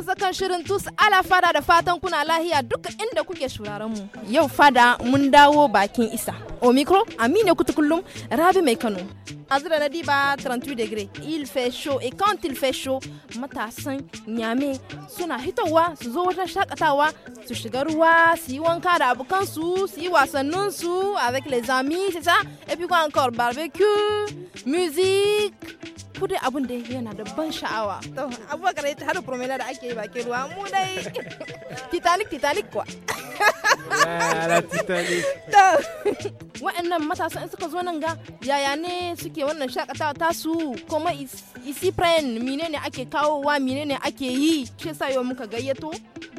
amsa kan shirin tus ala fada da fatan kuna lahiya duk inda kuke shuraren mu. Yau fada mun dawo bakin isa. Au micro, Amine Kutukulum, Rabi azura Azra diba 38 degrés. Il fait chaud et quand il fait chaud, matasan nyame suna hitowa su zo wajen shakatawa su shiga ruwa su yi wanka da abokansu su yi su avec les amis, c'est ça? Et puis quoi encore? Barbecue, musique, ku dai abin da yana da ban sha'awa to kare ta har promenade da ake yi bakin ruwa mu dai titanic titanic kuwa Yara titanic to wa'annan in suka zo nan ga yaya ne suke wannan shakatawa tasu kuma isi pren menene ake kawowa menene ake yi ke sa yau muka gayyato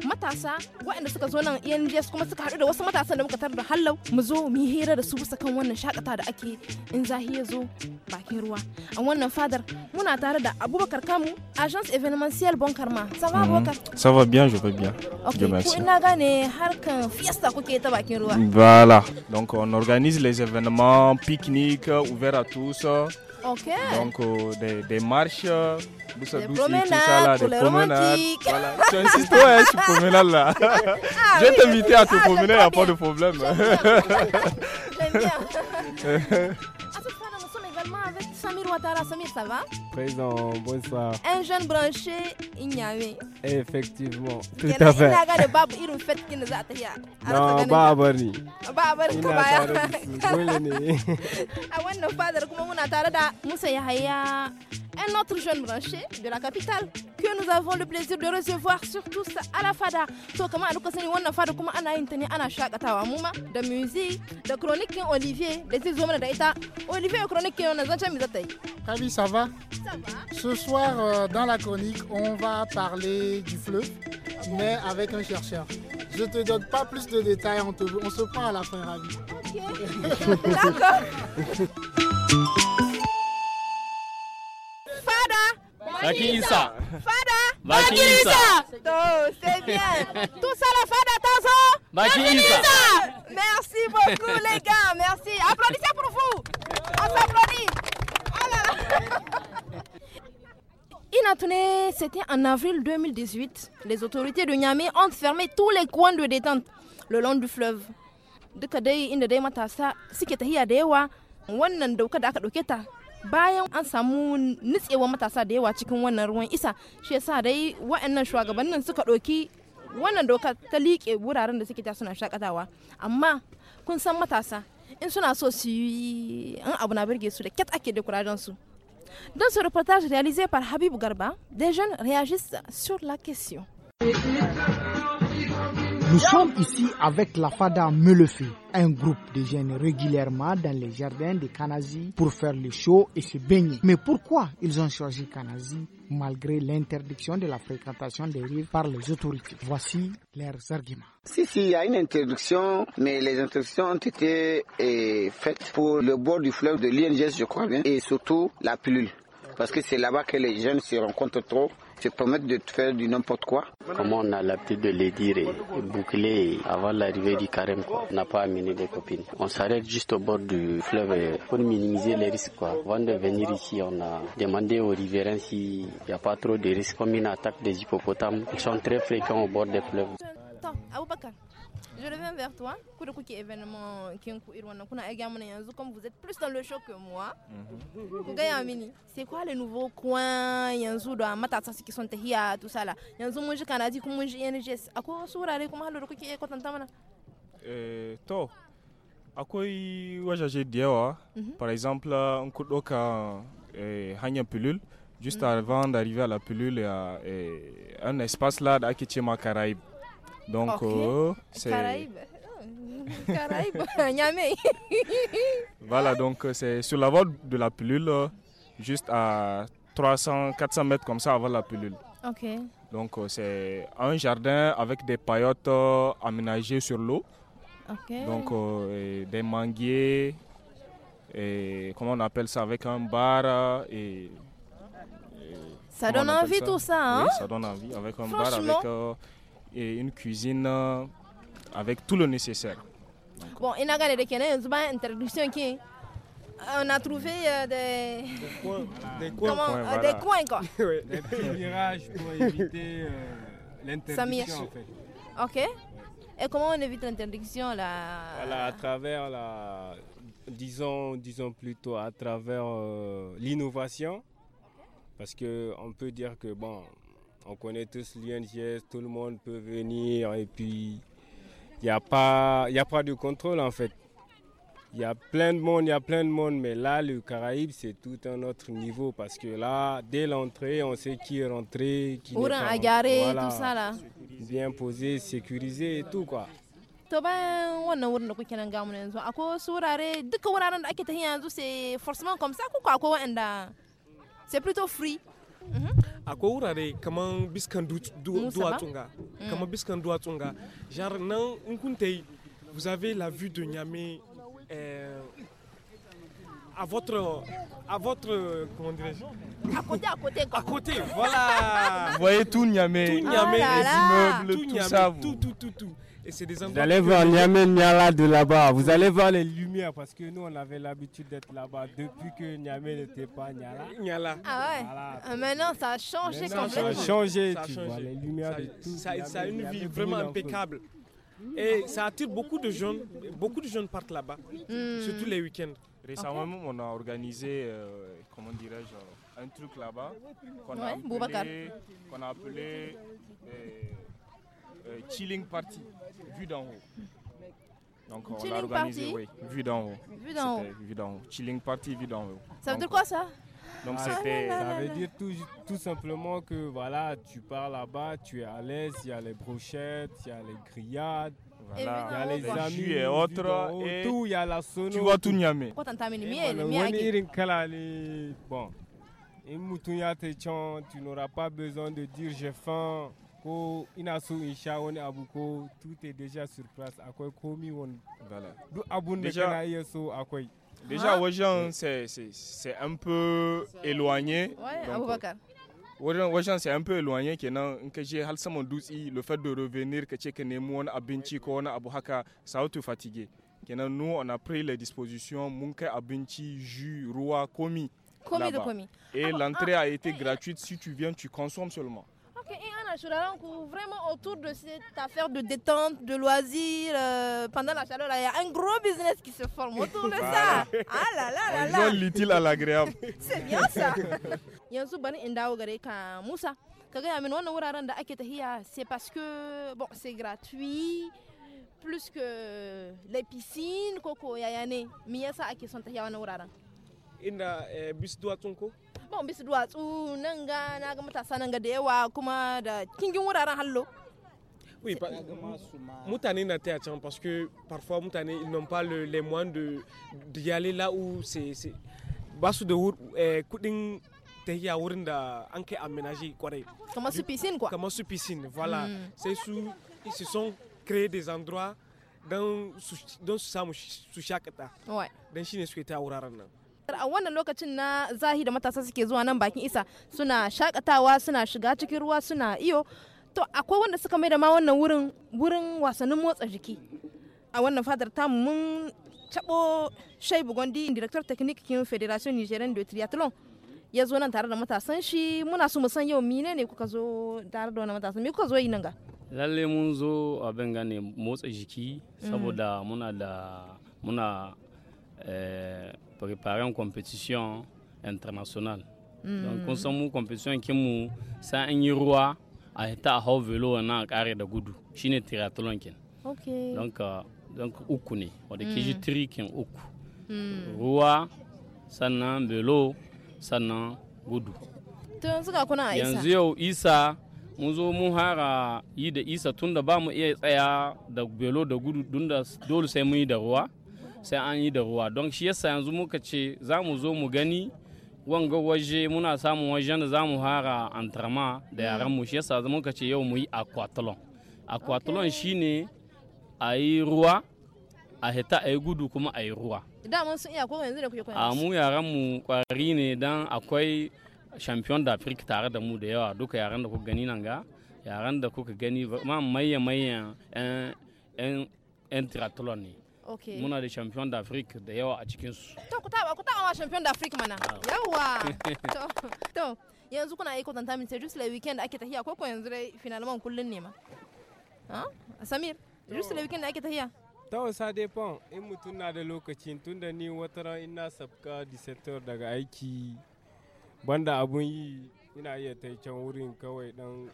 matasa waɗanda suka zo nan ENGS kuma suka haɗu da wasu matasan da muka tar da hallau mu zo mu hira da su bisa kan wannan shakata da ake in zahi ya zo bakin ruwa a wannan fadar muna tare da Abubakar Kamu, agence événementielle Bon Karma. Ça va mhm. Abubakar? Ça va bien, je vais bien. Ok, ko ina gane harkan fiesta kuke ta bakin ruwa. Voilà, donc on organise les événements, pique-nique, ouverts à tous. Ok. Donc euh, des, des marches, Boussa des promenades, tout ça là, des promenades. Voilà. tu insistes, ouais, tu promenade là. Ah, je vais oui, t'inviter à te ah, promener, il n'y a pas de problème. J'aime bien. J'aime bien. à ce soir, nous sommes également avec Samir Ouattara. Samir, ça va Présent, bonsoir. Un jeune branché, Ignawe. Effectivement, tout à fait. Il n'y a babu irin fet kin za ta ya. Non, ba bari. Ba c'est pas baya. Dole ne. A wannan fadar kuma muna tare da Moussa Yahya un autre jeune branché de la capitale que nous avons le plaisir de recevoir surtout à la fada Comment kamar a duka fada kuma chronique Olivier Les Olivier chronique on a mi ça va Ça va Ce soir euh, dans la chronique on va parler du fleuve mais avec un chercheur je te donne pas plus de détails on, on se prend à la fin Ravi Ok D'accord Issa Fada. Bakisa. Oh, c'est bien. Tout ça, la fada, Tazo. Issa Merci beaucoup, les gars. Merci. Applaudissez pour vous. On s'applaudit. Inatune, oh c'était en avril 2018. Les autorités de Niamey ont fermé tous les coins de détente le long du fleuve. De Kadei inda dai matasa suke tahiya da wannan dauka da aka bayan an samu nitsewa matasa da yawa cikin wannan ruwan isa shi yasa dai wa'annan shugabannin suka ɗauki wannan doka ta liƙe wuraren da suke ta suna shakatawa amma kun san matasa in suna so su yi in abu na birge su da ket ake da kurajen su Dans ce reportage réalisé par Habib Garba, des jeunes réagissent sur la question. Nous sommes ici avec la Fada Melefe, un groupe de jeunes régulièrement dans les jardins de Kanazi pour faire le show et se baigner. Mais pourquoi ils ont choisi Kanazi malgré l'interdiction de la fréquentation des rives par les autorités Voici leurs arguments. Si, si, il y a une interdiction, mais les interdictions ont été eh, faites pour le bord du fleuve de l'INGS, je crois bien, et surtout la pilule parce que c'est là-bas que les jeunes se rencontrent trop se promettre de faire du n'importe quoi. Comment on a l'habitude de les dire, et boucler avant l'arrivée du carême, on n'a pas amené des copines. On s'arrête juste au bord du fleuve euh, pour minimiser les risques. Quoi. Avant de venir ici, on a demandé aux riverains s'il n'y a pas trop de risques. Comme une attaque des hippopotames, qui sont très fréquents au bord des fleuves. Je reviens vers toi. Kurokuki événement Kinku Irwana Kuna Yanzu, comme vous êtes plus dans le show que moi. Mhm. Kugayamini, c'est quoi le nouveau coin Yanzu do Matata qui sont ici? tout ça là Yanzu Mouji Kanadi, Kumuji NGS. A quoi sourare, comment le Kurokuki est content Eh, to. akwai wajaje da yawa par exemple in ku ɗauka euh, hanyar pilule juste mhm. avant d'arriver à la pilule il y a euh, un espace là da ma caraïbe donc, euh, c'est. Oh, voilà, donc euh, c'est sur la voie de la pilule, euh, juste à 300, 400 mètres comme ça avant la pilule. Ok. Donc, c'est un jardin avec des paillotes aménagées sur l'eau. Donc, des manguiers, et comment on appelle ça, avec un bar et ça donne envie tout ça, hein? ça donne envie avec un bar, avec et une cuisine euh, avec tout le nécessaire. Bon, Donc, bon, introduction qui on a trouvé euh, des... Des coins. Des coins, Comment, euh, des coins quoi. des petits virages pour éviter l'interdiction en fait. Ok. Et comment on évite l'interdiction là À travers la... Disons, disons plutôt à travers l'innovation. parce Parce qu'on peut dire que bon, on connaît tous l'UNGS, tout le monde peut venir et puis il n'y a, pas, a pas de contrôle en fait. Il y a plein de monde, il y a plein de monde, mais là, le Caraïbe, c'est tout un autre niveau parce que là, dès l'entrée, on sait qui est rentré, qui est rentré, Bien posé, sécurisé et tout quoi. comme ça c'est plutôt free mhm akwai wurare kamar biskan duwatsun ga mm. kamar biskan duwatsun jar nan in kun vous avez la vue de Nyame euh, à votre à votre comment dire à côté à côté à côté voilà vous voyez tout Nyame, tout Niamey ah les immeubles tout, tout ça vous... tout tout tout tout vous allez voir Niamey Niala de là-bas. Vous allez voir les lumières parce que nous, on avait l'habitude d'être là-bas depuis que Niamey n'était pas Niala. Ah ouais. Ah, maintenant, ça a changé quand complètement. Ça a changé. Ça a changé. Tu vois, les lumières ça, a une vie vraiment impeccable. Et ça attire beaucoup de jeunes. Beaucoup de jeunes partent là-bas, hmm. surtout les week-ends. Récemment, on a organisé, euh, comment dirais-je, un truc là-bas qu'on a appelé, a appelé euh, euh, chilling party, vue d'en haut. Donc on l'a organisé, oui, vue d'en haut. Vue d'en haut. Vue d'en haut. Chilling party, vue d'en haut. Ça veut dire quoi ça donc ah, c'était. Ça veut dire tout, tout, simplement que voilà, tu pars là-bas, tu es à l'aise, il y a les brochettes, il y a les grillades, voilà, il y a les amis, et autres, et tout, il y a la sono. Tu vois tout niamé. Bon, tu n'auras pas besoin de dire j'ai faim ko ina so in sha wani abu ko tute deja place akwai komi wani duk abun da kana iya so akwai Déjà, ah. Wajan, c'est un peu éloigné. Ouais, Aboubakar. Wajan, c'est un peu éloigné. Kenan, in ka je har saman dutsi le fait de revenir, ka ce ka nemi wani abinci ko wani abu haka, ça va te fatiguer. Kenan, nous, on a pris les dispositions, mun kai abinci, jus, roi komi. Komi de komi. Et ah l'entrée ah, a été gratuite. Si tu viens, tu consommes seulement à Chouralankou, vraiment autour de cette affaire de détente, de loisirs, euh, pendant la chaleur, il y a un gros business qui se forme autour de ça. ah là là là là. l'utile à l'agréable. C'est bien ça. Il bani indawo gare ka Musa. Kaga ya min wannan wuraren da ake tahiya c'est parce que bon, c'est gratuit plus que les piscines koko yayane. Me yasa ake son Il wannan wuraren? Inda eh, bus de ko? bon bisu duwatsu nan ga na ga matasa nan ga da yawa kuma da kingin wuraren hallo Oui, Moutané n'a pas à parce que parfois Moutané, ils n'ont pas le, les moyens de d'y aller là où c'est. Basu de Wour, eh, Kouding, Tehia Wourinda, Anke aménagé, quoi. Comment sous piscine, quoi. Comme sous piscine, voilà. Mm. C'est sous. Ils se sont créés des endroits dans, dans, dans, dans chaque état. Ouais. Dans Chine, souhaité à Ourarana. shakar a wannan lokacin na zahi da matasa suke zuwa nan bakin isa suna shakatawa suna shiga cikin ruwa suna iyo to akwai wanda suka mai da ma wannan wurin wurin wasannin motsa jiki a wannan fadar ta mun tabo shai bugondi director technique federation nigerian de triathlon ya zo nan tare da matasan shi muna so mu san yau mine ne kuka zo tare da wani matasan me kuka zo yi nan ga lalle mun zo abin gane motsa jiki mm. saboda muna da muna eh, préparer une compétition internationale. Mm. Donc, on samu compétition qui mu sa an yi ruwa a ta hau velo na kare da gudu shine triathlon kin. Okay. Donc uh, donc uku ne wanda hmm. ke ji tri kin uku. Mm. Ruwa sannan velo sannan gudu. To yanzu ga kuna Isa. Yanzu yau Isa mun zo mun yi da Isa tunda ba mu iya tsaya da velo da gudu tunda dole sai mun yi da ruwa. sai an yi da ruwa don shi yasa yanzu muka ce za mu zo mu gani wanga waje muna samun wajen da za mu hara antarama da yaran mu shi yasa muka ce yau mu yi aquatlon aquathlon shine a yi ruwa a hita a yi gudu kuma a yi ruwa daman sun iya kowa yanzu da kuke koya a mu yaran mu kwari ne dan akwai champion da afirka tare da mu da yawa duka yaran da kuka gani nan ga yaran da kuka gani ma maya maye yan eh, eh, eh, triathlon ne Okay. Muna da champion d'Afrique da yawa a su. To, ku taba, ku taba champion d'Afrique mana. Ah. Yawa! To, yanzu kuna aiko tanta min just le weekend ake tahiya ko ko yanzu dai finalement kullun ne ma. Ha? Hein? Samir, just le weekend ake tahiya. To, sa depend in mutum na da lokacin tunda ni wata ran ina sabka disetor daga aiki banda abun yi ina iya ta can wurin kawai dan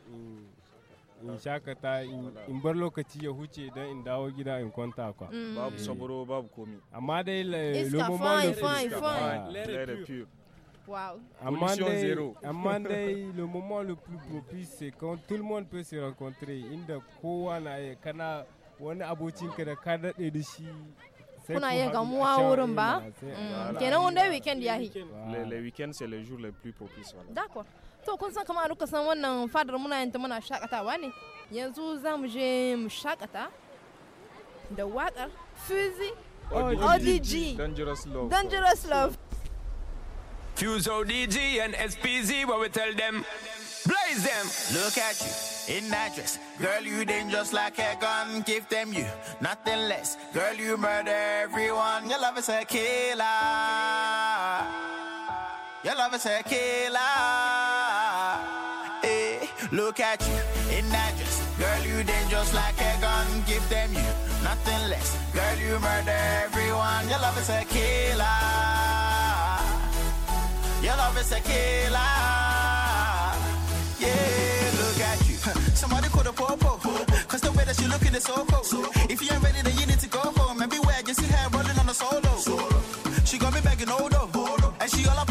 in shakata in bar lokaci ya huce don in dawo gida in kwanta kwa mm. babu eh. saburo babu komi amma dai le Wow. Monday, le moment le plus propice, c'est quand tout le monde peut se rencontrer. Inda kowa na ya kana wani abocinka da ka daɗe da shi kuna iya gamuwa wurin ba mm. kenan wanda weekend ya hi le weekend c'est le jour le plus propice voilà. d'accord to kun san kamar san wannan fadar muna muna shakatawa ne yanzu za mu je mu shakata da wakar fuzi odg dangerous love dangerous love fuse odg and spz what we tell them blaze them look at you in that dress girl you dangerous like a gun give them you nothing less girl you murder everyone your love is a killer your love is a killer Look at you, in that dress. Girl, you dangerous like a gun. Give them you, nothing less. Girl, you murder everyone. Your love is a killer. Your love is a killer. Yeah, look at you. Somebody call the popo. Cause the way that you looking is so cool. If you ain't ready, then you need to go home. And beware, you see her rolling on the solo. She got me begging, hold up. And she all up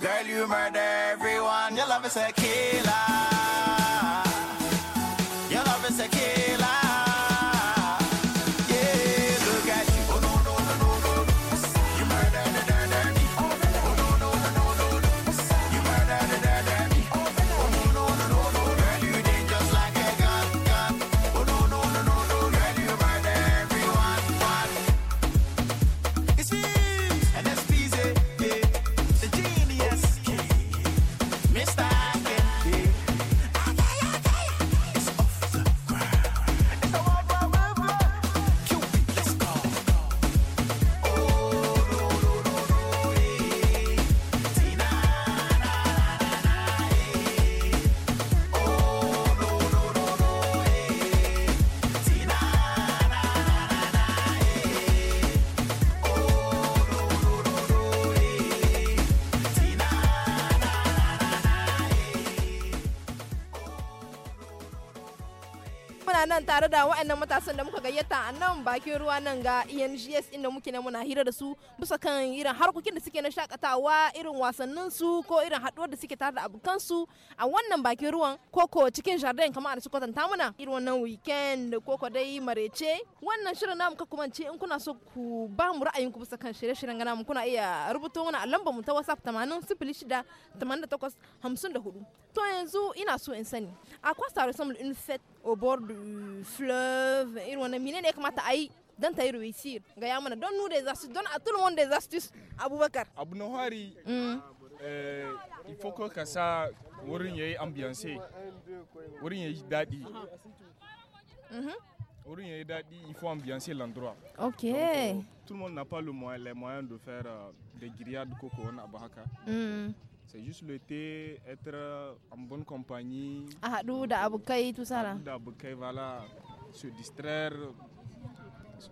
Girl, you murder everyone. Your love is a killer. tare da waɗannan matasan da muka gayyata a nan bakin ruwa nan ga ENGS inda muke na muna hira da su bisa kan irin harkokin da suke na shakatawa irin wasannin su ko irin haɗuwar da suke tare da abokan su a wannan bakin ruwan koko cikin jardin kamar da su kwatanta muna irin wannan weekend koko dai marece wannan shirin namu ka kuma ce in kuna so ku ba mu ra'ayin ku bisa kan shirye-shiryen ga namu kuna iya rubuto mana a lambar mu ta WhatsApp 80 06 88 54 to yanzu ina so in sani akwai tare samun in au bord du fleuve, et on a yi don ta réussir gaya donne nous des astuces donne à tout le monde des astuces abubakar abou nohari hmm. eh, il faut que ça sa wurin yayi ambiance wurin yayi dadi mhm. dadi il faut ambiancer l'endroit ok euh, tout le monde n'a pas le moyen les moyens de faire euh, des grillades coco on abu mm c'est juste l'été, être en bonne compagnie. Ah, tout ça là. voilà, se distraire,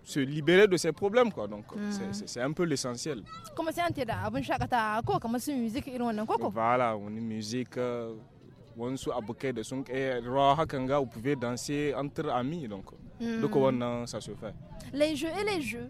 se libérer de ses problèmes quoi. Donc mm. c'est un peu l'essentiel. Comment c'est une musique Voilà, est musique wansu abokai da sun kai Et hakan ga vous pouvez danser entre amis donc mm. donc euh, ça se fait les jeux et les jeux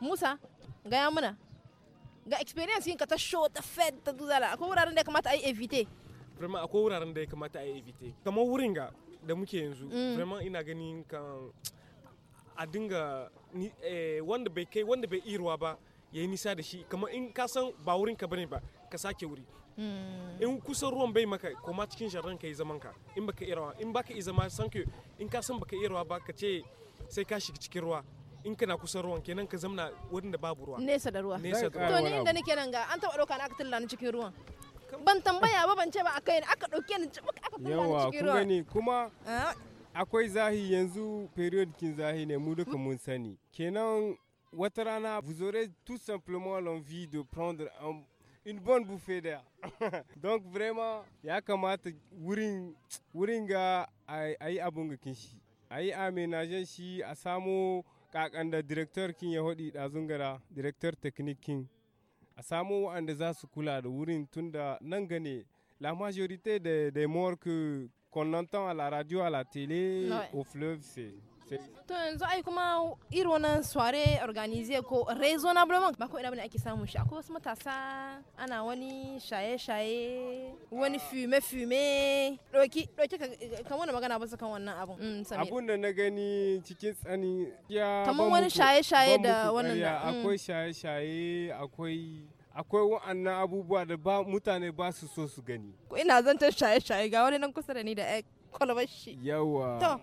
musa gaya mana ga experience yinka ta show ta fed ta duzala akwai wuraren da ya kamata a yi evite vraiment akwai wuraren da ya kamata a yi evite kamar wurin ga da muke yanzu mm. vraiment ina ganin kan a dinga eh, wanda bai kai wanda bai irwa ba ya yi nisa da shi kamar in ka san ba wurin ka bane ba ka sake wuri mm. in kusan ruwan bai maka koma cikin jarran ka yi zaman ka in baka irwa in baka yi zama san in ka san baka irwa ba ka ce sai ka shiga cikin ruwa in kana kusan ruwan kenan ka zamna wurin da babu ruwa nesa da ruwa nesa da ruwa to ni da nake nan ga an taba dauka na aka tilla ni cikin ruwan ban tambaya ba ban ce ba akai aka dauke ni aka tilla ni cikin ruwa yawa kuma ah. akwai zahi yanzu period kin zahi ne mu duka mun sani kenan wata rana vous aurez tout simplement l'envie de prendre un une bonne bouffée d'air. Donc vraiment ya kamata wurin wurin ga ayi abun ga kin shi. Ayi aménagen shi a samo kakanda director kin ya hodi zungara directeur technique kin a samu waɗanda za su kula da wurin tunda nan gane la majorité des, des morts qu'on entend à la radio à la télé au fleuve c'est to yanzu ai kuma irin wannan sware organize ko raisonnablement ba ko ina bane ake samun shi akwai wasu matasa ana wani shaye-shaye wani fume-fume doki doki kan wani magana ba su kan wannan abun mm, abun da na gani cikin tsani ya kamar wani shaye-shaye da wannan da mm. akwai shaye-shaye akwai akwai wa'annan abubuwa da ba mutane ba su so su gani ina zantar shaye-shaye ga wani nan kusa da ni da kwalabar shi yawa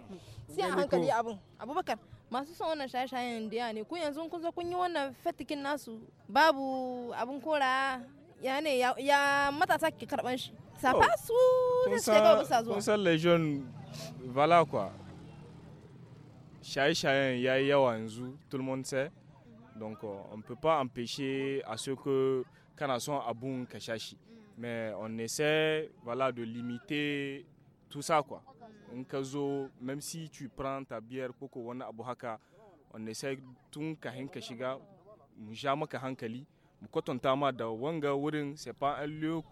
sai hankali abin abubakar masu son wannan shaye-shayen da ne ku yanzu kun zo kun yi wannan fetikin nasu babu abun kora ya ne ya matasa ke karban shi safa oh, su ne su ga bisa zuwa kun san legion vala kwa shaye-shayen ya yi yawa yanzu tout donc euh, on peut pas empêcher à ce que kana son abun ka shashi mais on essaie voilà de limiter tout ça quoi in ka zo même si tu prends ta bière ko ko wani abu haka wanda sai tun kahin ka shiga mu ja maka hankali mu kwatanta ma da wanga wurin sai fa an liyo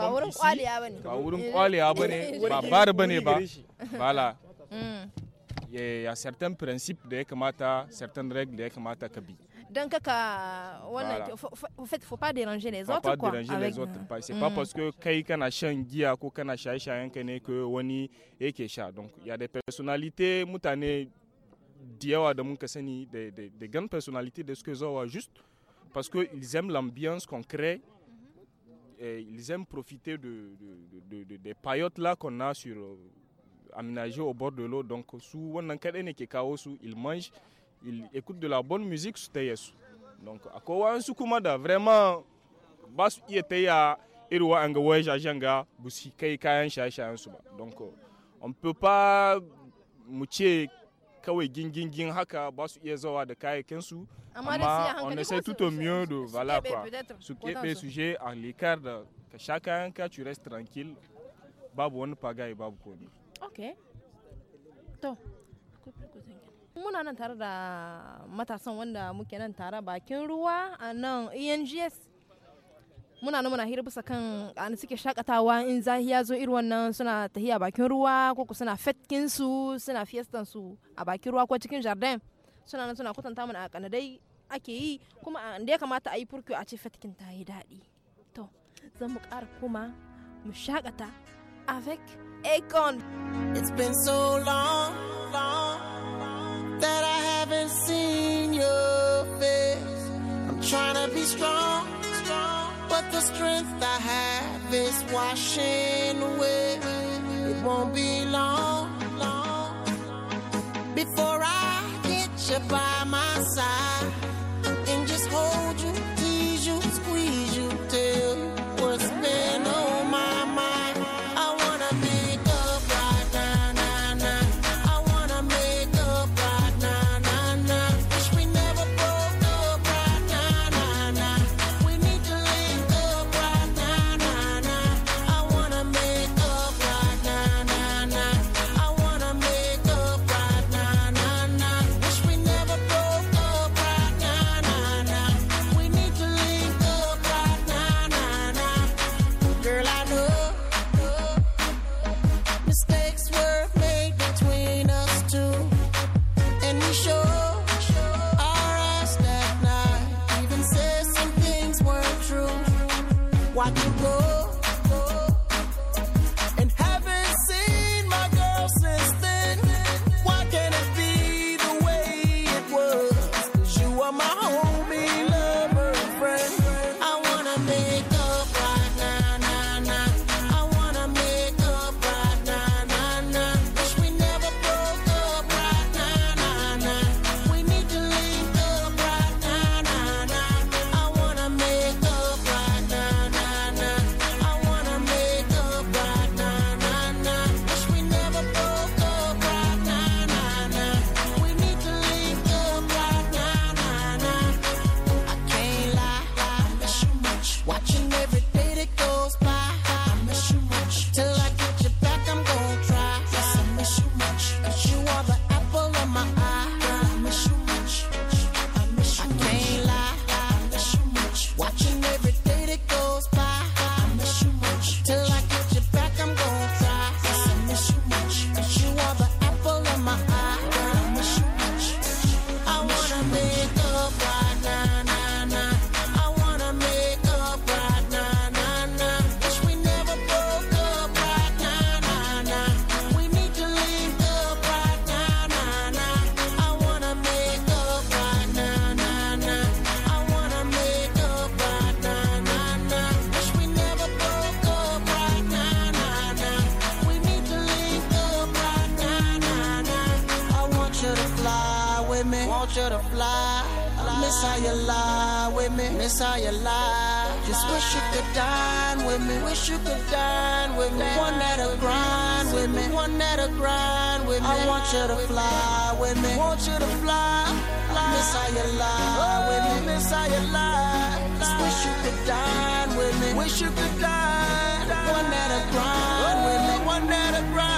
ba wurin kwaliya bane ba wurin kwaliya bane ba bar bane ba bala mm. ya certains principes da ya kamata certaines règles da ya kamata ka bi Donc, euh, voilà. en fait, il ne faut pas déranger les autres. Pas quoi, déranger avec... les autres. Euh, ce n'est mm. pas parce que quelqu'un a ou Kana a changé, Wani a changé, Donc, il y a des personnalités, des, des, des grandes personnalités de ce que juste parce qu'ils aiment l'ambiance qu'on crée. Et ils aiment profiter de, de, de, des paillotes là qu'on a sur euh, aménagées au bord de l'eau. Donc, sous on un et ils mangent il écoute de la bonne musique sur tes donc quoi wayansu kuma da vraiment bas su iya taya Irwa wa'anga wajajen ga busi kai kayan su donc euh, on peut pas moucher Kawe gingingin haka ba su de zawa mais on essaie tout au mieux de voilà ben, quoi est le sujet en l'écart de chacun quand que tu restes tranquille babu Paga et babu ok muna nan tare da matasan wanda muke nan tare bakin ruwa a nan engs muna nan muna hira bisa kan an suke shakatawa in zahi ya zo irin wannan suna tahiya bakin ruwa ko suna fetkin su suna fiestan su a bakin ruwa ko cikin jardin suna nan suna kwatanta mana a kanadai ake yi kuma da ya kamata a yi furkiyo a ce fetkin ta yi daɗi to zan mu ƙara kuma mu shakata avec Akon. It's been so long, long. be strong, strong, but the strength I have is washing away. It won't be long, long before I get you by my side. shine with me. One that'll grind with me. One that'll grind with me. I want you to fly with me. Want you to fly. fly. Miss how you lie with me. Oh, miss how you lie. Wish you could dine with me. Wish you could dine. One that'll grind with me. Oh, one that'll grind.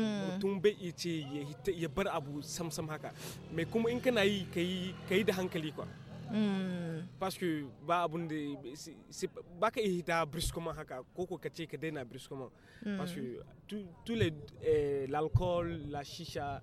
mutum mm. bai iya ce ya bar abu samsam haka mai kuma in kana yi ka yi da hankali kwa mm. parce que ba abun da ba ka iya hita brusquement haka ko ko ka ce ka daina brusquement mm. parce que tout eh, l'alcool la shisha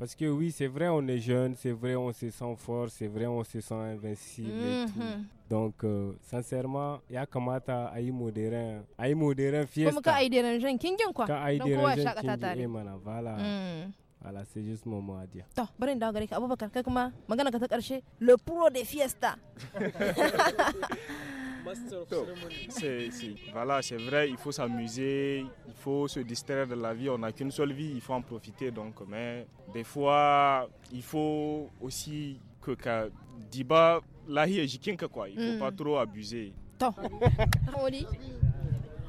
Parce que oui, c'est vrai, on est jeune, c'est vrai, on se sent fort, c'est vrai, on se sent invincible et mhm. tout. Donc, euh, sincèrement, il y a kamata ça, il y a fiesta. Comme quand a yi dérangeant, quoi. Quand a yi dérangeant, kingin, eh, mana, mhm. voilà. c'est juste mon mot à dire. To, bari da gare ka Abubakar kai kuma magana ka ta karshe, le pro des fiesta. C'est, voilà, c'est vrai, il faut s'amuser, il faut se distraire de la vie. On n'a qu'une seule vie, il faut en profiter. Donc, mais des fois, il faut aussi que Il diba lahi jikinka quoi. Il faut hmm. pas trop abuser.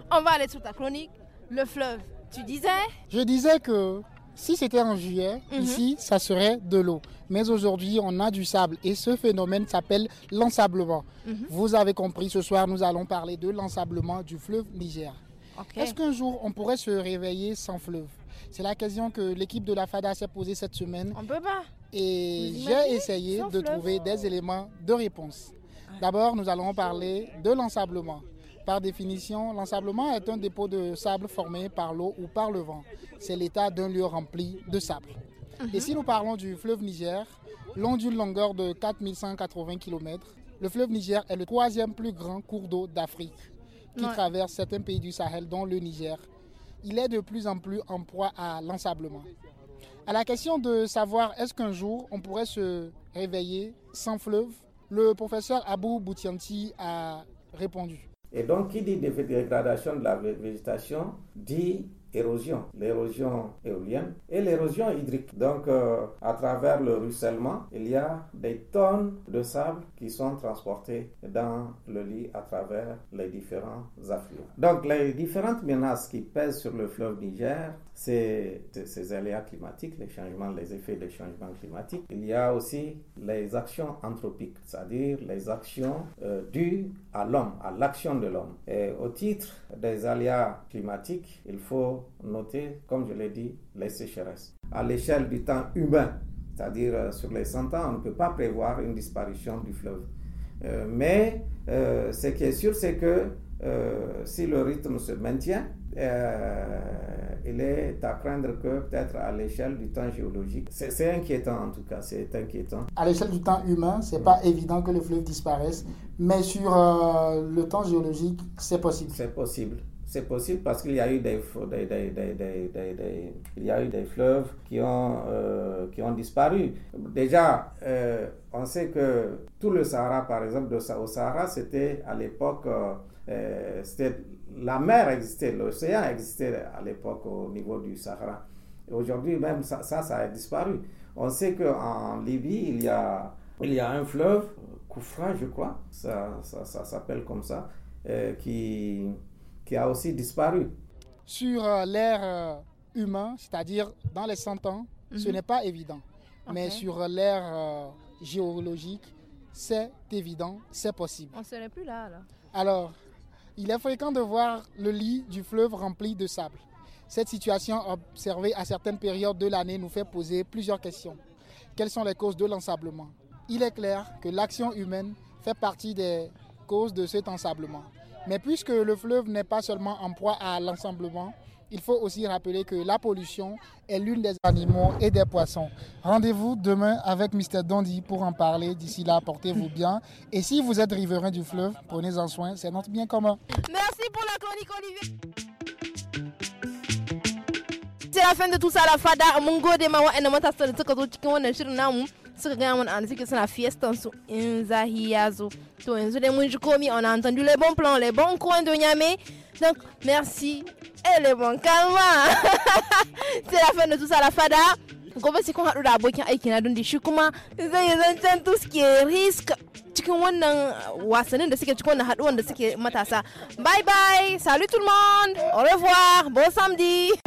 On va aller sur ta chronique, le fleuve. Tu disais Je disais que si c'était en juillet, mhm. ici, ça serait de l'eau. Mais aujourd'hui, on a du sable et ce phénomène s'appelle l'ensablement. Mhm. Vous avez compris, ce soir, nous allons parler de l'ensablement du fleuve Niger. Est-ce qu'un jour, on pourrait se réveiller sans fleuve C'est la question que l'équipe de la FADA s'est posée cette semaine. On peut pas. Et j'ai essayé de trouver des éléments de réponse. Ah. D'abord, nous allons parler de l'ensablement. Par définition, l'ensablement est un dépôt de sable formé par l'eau ou par le vent. C'est l'état d'un lieu rempli de sable. Et si nous parlons du fleuve Niger, long d'une longueur de 4180 km, le fleuve Niger est le troisième plus grand cours d'eau d'Afrique qui traverse certains pays du Sahel, dont le Niger. Il est de plus en plus en proie à l'ensablement. À la question de savoir est-ce qu'un jour on pourrait se réveiller sans fleuve, le professeur Abou Boutianti a répondu. Et donc, qui dit dégradation de la végétation dit érosion, l'érosion éolienne et l'érosion hydrique. Donc, euh, à travers le ruissellement, il y a des tonnes de sable qui sont transportées dans le lit à travers les différents affluents. Donc, les différentes menaces qui pèsent sur le fleuve Niger, c'est ces aléas climatiques, les changements, les effets des changements climatiques. Il y a aussi les actions anthropiques, c'est-à-dire les actions euh, dues à l'homme, à l'action de l'homme. Et au titre des aléas climatiques, il faut noter, comme je l'ai dit, les sécheresses. À l'échelle du temps humain, c'est-à-dire euh, sur les 100 ans, on ne peut pas prévoir une disparition du fleuve. Euh, mais euh, ce qui est sûr, c'est que si le rythme se maintient, il est à craindre que peut-être à l'échelle du temps géologique, c'est inquiétant en tout cas, c'est inquiétant. À l'échelle du temps humain, c'est pas évident que le fleuve disparaisse, mais sur le temps géologique, c'est possible. C'est possible. C'est possible parce qu'il y a eu des, il y a eu des fleuves qui ont, euh, qui ont disparu. Déjà, euh, on sait que tout le Sahara, par exemple, de, au Sahara, c'était à l'époque, euh, euh la mer existait, l'océan existait à l'époque au niveau du Sahara. Aujourd'hui même, ça, ça, a disparu. On sait qu'en Libye, il y a, il y a un fleuve, Koufra, je crois, ça, ça, ça s'appelle comme ça, qui qui a aussi disparu. Sur euh, l'air euh, humain, c'est-à-dire dans les 100 ans, ce mhm. n'est pas évident. Mais sur euh, l'air géologique, c'est évident, c'est possible. On ne serait plus là alors. Alors, il est fréquent de voir le lit du fleuve rempli de sable. Cette situation observée à certaines périodes de l'année nous fait poser plusieurs questions. Quelles sont les causes de l'ensablement Il est clair que l'action humaine fait partie des causes de cet ensablement. Mais puisque le fleuve n'est pas seulement en proie à l'ensemblement, il faut aussi rappeler que la pollution est l'une des animaux et des poissons. Rendez-vous demain avec Mr. Dondi pour en parler. D'ici là, portez-vous bien. Et si vous êtes riverain du fleuve, prenez-en soin, c'est notre bien commun. Merci pour la chronique, Olivier. C'est la fin de tout ça, la fada suka gaya mana an suke suna fiestan su in zahi ya zo to yanzu dai mun ji komi on a entendu les bons plans les bons coins de Niamey donc merci et eh, les bons calma c'est la fin de tout ça la fada gobe sai kun haɗu da abokin aiki na dundi shi kuma zai yi zancen tuske risk cikin wannan wasannin da suke cikin wannan haɗuwan da suke matasa bye bye salut tout le monde au revoir bon samedi